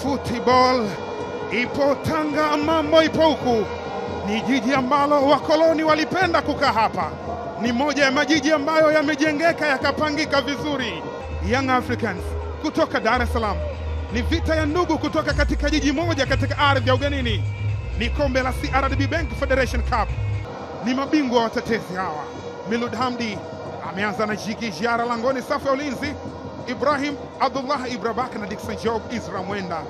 football ipo Tanga, mambo ipo huku. Ni jiji ambalo wakoloni walipenda kukaa hapa, ni moja ya majiji ambayo yamejengeka yakapangika vizuri. Young Africans kutoka Dar es Salaam, ni vita ya ndugu kutoka katika jiji moja, katika ardhi ya ugenini. Ni kombe la CRDB Bank Federation Cup, ni mabingwa watetezi hawa. Milud Hamdi ameanza na jiki jiara langoni, safu ya ulinzi Ibrahim Abdullah Ibrabak na Dickson Job Isra Mwenda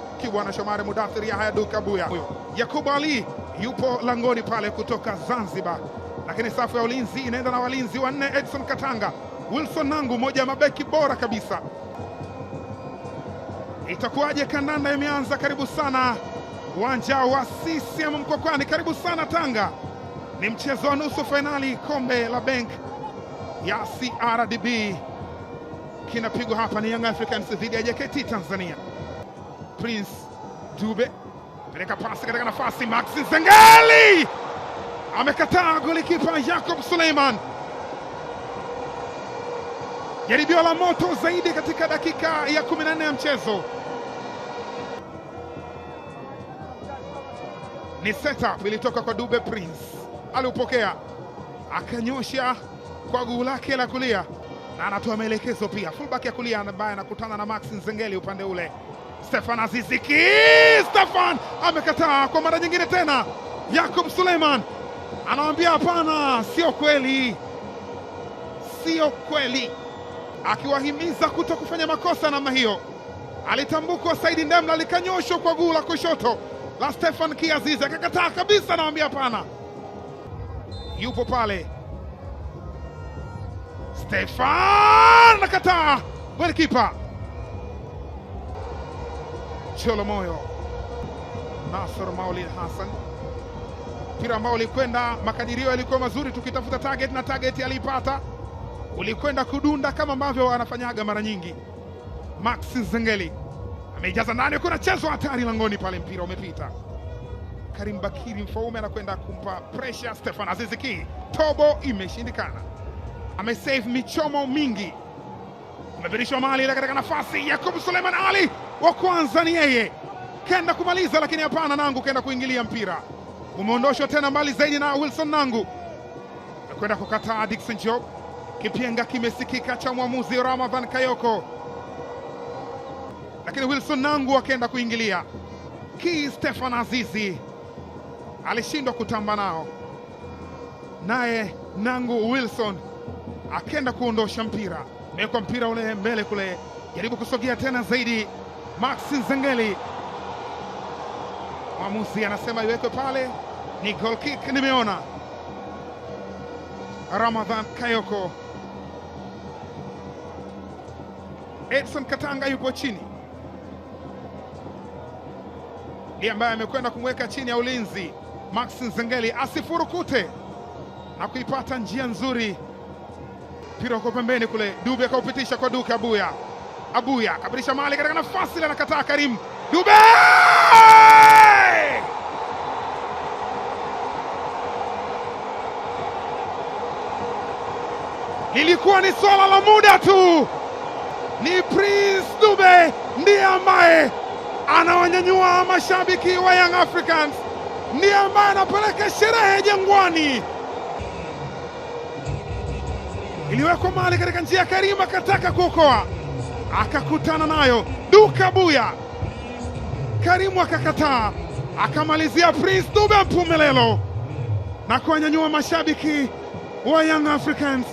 na Shomari Mudathiri Yahaya Duka Buya huyo Yakubu Ali yupo langoni pale kutoka Zanzibar, lakini safu ya ulinzi inaenda na walinzi wanne Edson Katanga, Wilson Nangu, moja ya mabeki bora kabisa. Itakuwaje? Kandanda imeanza. Karibu sana uwanja wa CCM mkokwani karibu sana Tanga. Ni mchezo wa nusu fainali kombe la Bank ya CRDB kinapigwa hapa ni Young Africans dhidi ya JKT Tanzania. Prince Dube peleka pasi katika nafasi, Max Nzengeli amekataa, golikipa Jacob Suleiman. Jaribio la moto zaidi katika dakika ya 14 ya mchezo. Ni setup ilitoka kwa Dube. Prince aliupokea akanyosha kwa guu lake la kulia na anatoa maelekezo pia. Fullback ya kulia ambaye anakutana na Max Nzengeli upande ule, Stefan Aziziki. Stefan amekataa kwa mara nyingine tena. Yakub Suleiman anamwambia hapana, sio kweli, sio kweli, akiwahimiza kuto kufanya makosa namna hiyo. Alitambukwa Saidi Ndemla, likanyoshwa kwa guu la kushoto la Stefan Kiazizi, akakataa kabisa, anamwambia hapana, yupo pale Stefan nakataa, golikipa Cholo Moyo Nasser Maulid Hassan, mpira ambao ulikwenda, makadirio yalikuwa mazuri, tukitafuta target na target aliipata, ulikwenda kudunda kama ambavyo wanafanyaga mara nyingi. Max Zengeli ameijaza ndani, kuna chezo hatari langoni pale, mpira umepita. Karim Bakiri Mfaume anakwenda kumpa pressure Stefan Aziziki, tobo imeshindikana amesave michomo mingi, amepitishwa mali ile katika nafasi. yakubu Suleiman Ali wa kwanza ni yeye, kenda kumaliza lakini hapana, Nangu kenda kuingilia mpira, umeondoshwa tena mbali zaidi na Wilson Nangu kwenda kukataa Dickson Job. Kipenga kimesikika cha mwamuzi Ramadhan Kayoko, lakini Wilson Nangu akaenda kuingilia. Ki Stefan Azizi alishindwa kutamba nao, naye Nangu Wilson akenda kuondosha mpira, mekwa mpira ule mbele kule, jaribu kusogea tena zaidi. Maxi Zengeli, mwamuzi anasema iwekwe pale, ni goal kick. Nimeona Ramadhan Kayoko, Edson Katanga yupo chini, ndiye ambaye amekwenda kumweka chini ya ulinzi Maxi Zengeli, asifurukute na kuipata njia nzuri mpira kwa pembeni kule, Dube akaupitisha kwa Duke Abuya. Abuya akapitisha mali katika nafasi, anakataa Karim Dube Ilikuwa ni swala la muda tu, ni Prince Dube ndiye ambaye anawanyanyua mashabiki wa Young Africans, ndiye ambaye anapeleka sherehe Jangwani iliwekwa mali katika njia ya Karim akataka kuokoa, akakutana nayo duka buya. Karimu akakataa, akamalizia Prince Dube Mpumelelo na kuwanyanyua mashabiki wa Young Africans.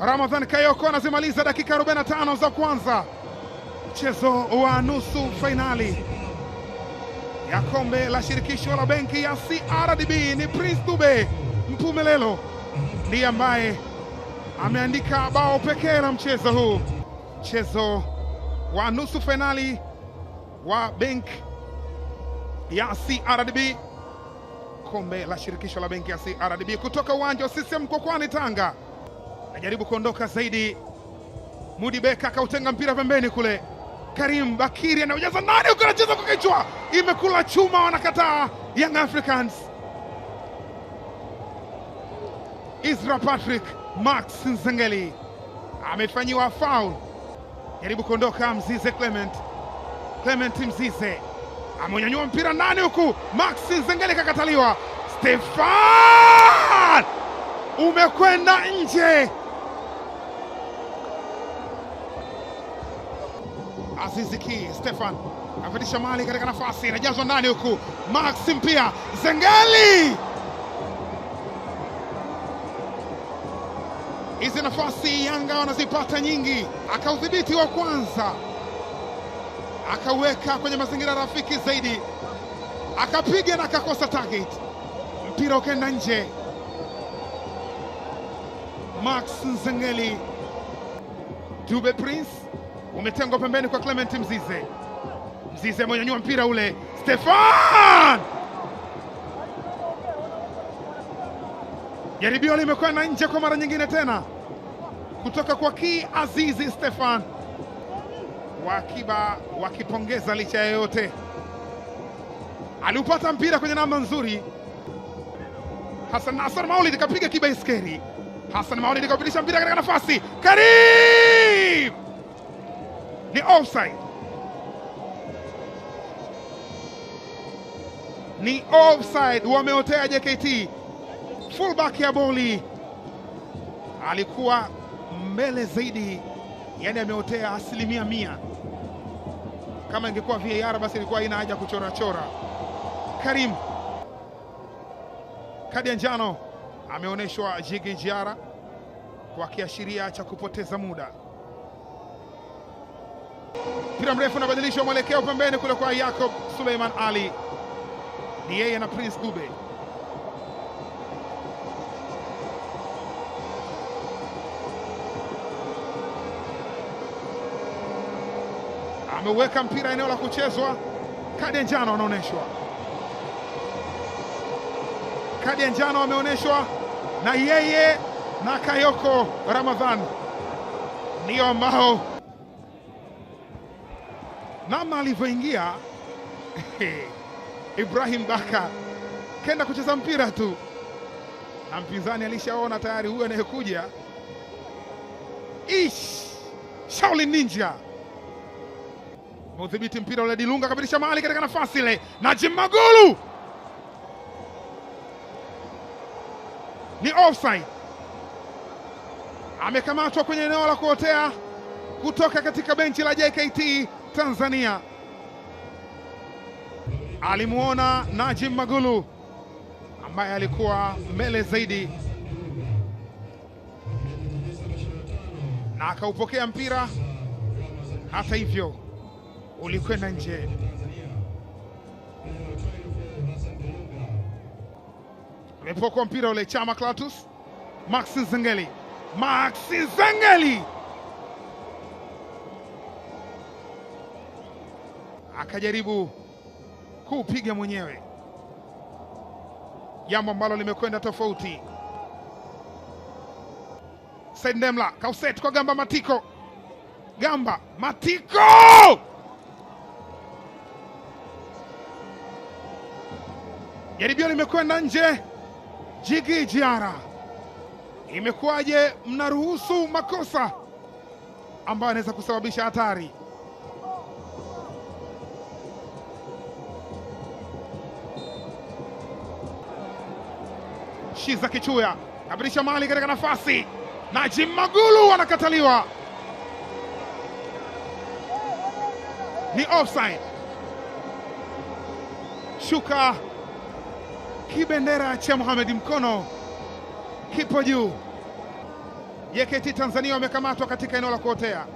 Ramadhan Kayoko anazimaliza dakika 45 za kwanza mchezo wa nusu fainali ya kombe la shirikisho la benki ya CRDB. Ni Prince Dube Mpumelelo ndiye ambaye ameandika bao pekee la mchezo huu, mchezo wa nusu fainali wa benki ya CRDB, kombe la shirikisho la benki ya CRDB kutoka uwanja wa CCM Mkwakwani, Tanga. Najaribu kuondoka zaidi, Mudi Beka akautenga mpira pembeni kule, Karim Bakiri anaujaza ndani, uko anacheza kwa kichwa, imekula chuma, wanakataa Young Africans. Isra Patrick Max Nzengeli amefanyiwa faul, jaribu kuondoka Mzize Clement, Clement Mzize ameunyanyua mpira ndani, huku Max Nzengeli kakataliwa. Stefan umekwenda nje. aziziki Stefan amepitisha mali katika nafasi, inajazwa ndani, huku Max mpia Zengeli hizi nafasi Yanga wanazipata nyingi, akaudhibiti wa kwanza, akaweka kwenye mazingira rafiki zaidi, akapiga na akakosa target, mpira ukaenda nje. Max Nzengeli, Dube Prince umetengwa pembeni kwa Clement Mzize. Mzize nyua mpira ule, Stefan jaribio limekwenda nje kwa mara nyingine tena kutoka kwa ki Azizi Stefan wakiba wakipongeza licha ya yote, aliupata mpira kwenye namba nzuri. Hassan Hassan Maulid kapiga kiba iskeri. Hassan Maulid kapitisha mpira katika nafasi Karim, ni offside, ni offside, wameotea JKT. Fullback ya boli alikuwa mbele zaidi, yani ameotea asilimia mia. Kama ingekuwa VAR basi ilikuwa haina haja kuchorachora. Karim kadi ya njano ameonyeshwa Jigi Jiara kwa kiashiria cha kupoteza muda. Mpira mrefu unabadilishwa mwelekeo pembeni kule kwa yakob Suleiman Ali, ni yeye na Prince Dube. ameweka mpira eneo la kuchezwa, kadi ya njano anaonyeshwa, kadi ya njano ameonyeshwa na yeye na Kayoko Ramadhan ndio ambao namna alivyoingia Ibrahim Baka kenda kucheza mpira tu, na mpinzani alishaona tayari huyo anayekuja. Ish Shaolin Ninja. Udhibiti mpira ule, Dilunga kapitisha mahali katika nafasi ile, Najim Magulu ni offside, amekamatwa kwenye eneo la kuotea kutoka katika benchi la JKT Tanzania. Alimuona Najim Magulu ambaye alikuwa mbele zaidi na akaupokea mpira. Hata hivyo ulikwenda nje. Alipokwa mpira ule Chama clatus Maxi Zengeli, Maxi Zengeli akajaribu kuupiga mwenyewe, jambo ambalo limekwenda tofauti. Said Ndemla, Kauset kwa Gamba Matiko, Gamba Matiko Jaribio limekwenda nje. Jigi Jiara, imekuwaje mnaruhusu makosa ambayo anaweza kusababisha hatari? Shiza Kichuya kabirisha mali katika nafasi. Najim Magulu anakataliwa, ni offside. Shuka Kibendera cha Mohamed Mkono kipo juu. JKT Tanzania wamekamatwa katika eneo la kuotea.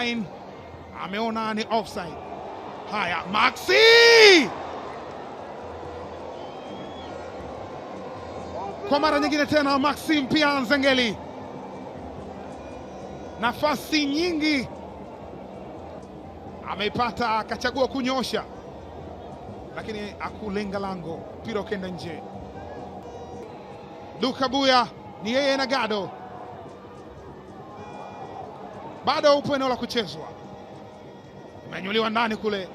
Line ameona ni offside. Haya, Maxi kwa mara nyingine tena, Maxi pia Nzengeli nafasi nyingi ameipata, akachagua kunyosha, lakini akulenga lango, mpira ukaenda nje. Luka Buya ni yeye na Gado, bado upo eneo la kuchezwa, imenyuliwa ndani kule,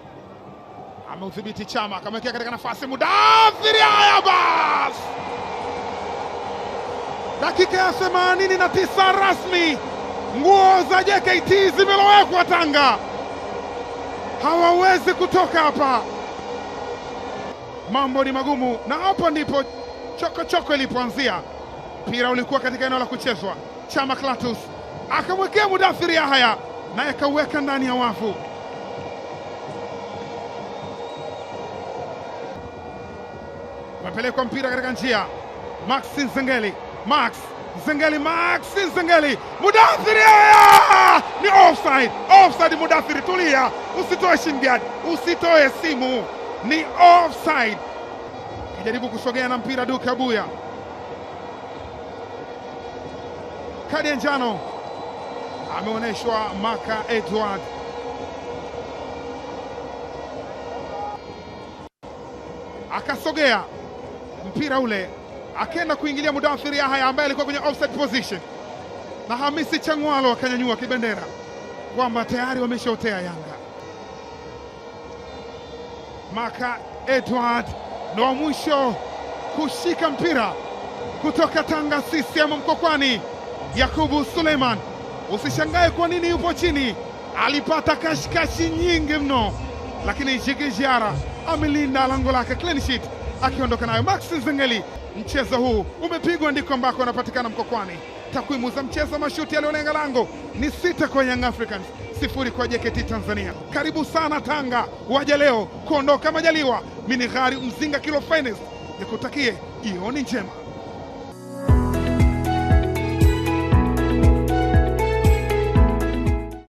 ameudhibiti Chama, akamwekea katika nafasi Mudathiri. Haya basi, dakika ya 89 rasmi. Nguo za JKT zimelowekwa Tanga, hawawezi kutoka hapa, mambo ni magumu. Na hapo ndipo chokochoko ilipoanzia. Mpira ulikuwa katika eneo la kuchezwa, Chama Clatous akamwekea Mudathiri Yahaya naye akauweka ndani ya wavu. Amepelekwa mpira katika njia, Max Nzengeli, Max Zengeli, Maxi Zengeli, Mudathiri ni offside, offside. Mudathiri tulia, usitoe shin usitoe simu, ni offside. Kijaribu kusogea na mpira Duke Abuya, kadi ya njano ameonyeshwa Maka Edward. Akasogea mpira ule akenda kuingilia Mudathir Yahya ambaye alikuwa kwenye offset position, na Hamisi Changwalo akanyanyua kibendera kwamba tayari wameshaotea Yanga. Maka Edward ndo wa mwisho kushika mpira kutoka Tanga CCM Mkokwani. Yakubu Suleiman, usishangae kwa nini yupo chini, alipata kashikashi nyingi mno, lakini Jiki Jiara amelinda lango lake clean sheet akiondoka nayo Maxi Zengeli. Mchezo huu umepigwa ndiko ambako anapatikana Mkokwani. Takwimu za mchezo, mashuti yaliyolenga lango ni sita kwa Young Africans, sifuri kwa JKT Tanzania. Karibu sana Tanga, waja leo kuondoka majaliwa. Mini Ghari Mzinga, Kilo Finest, nikutakie jioni njema.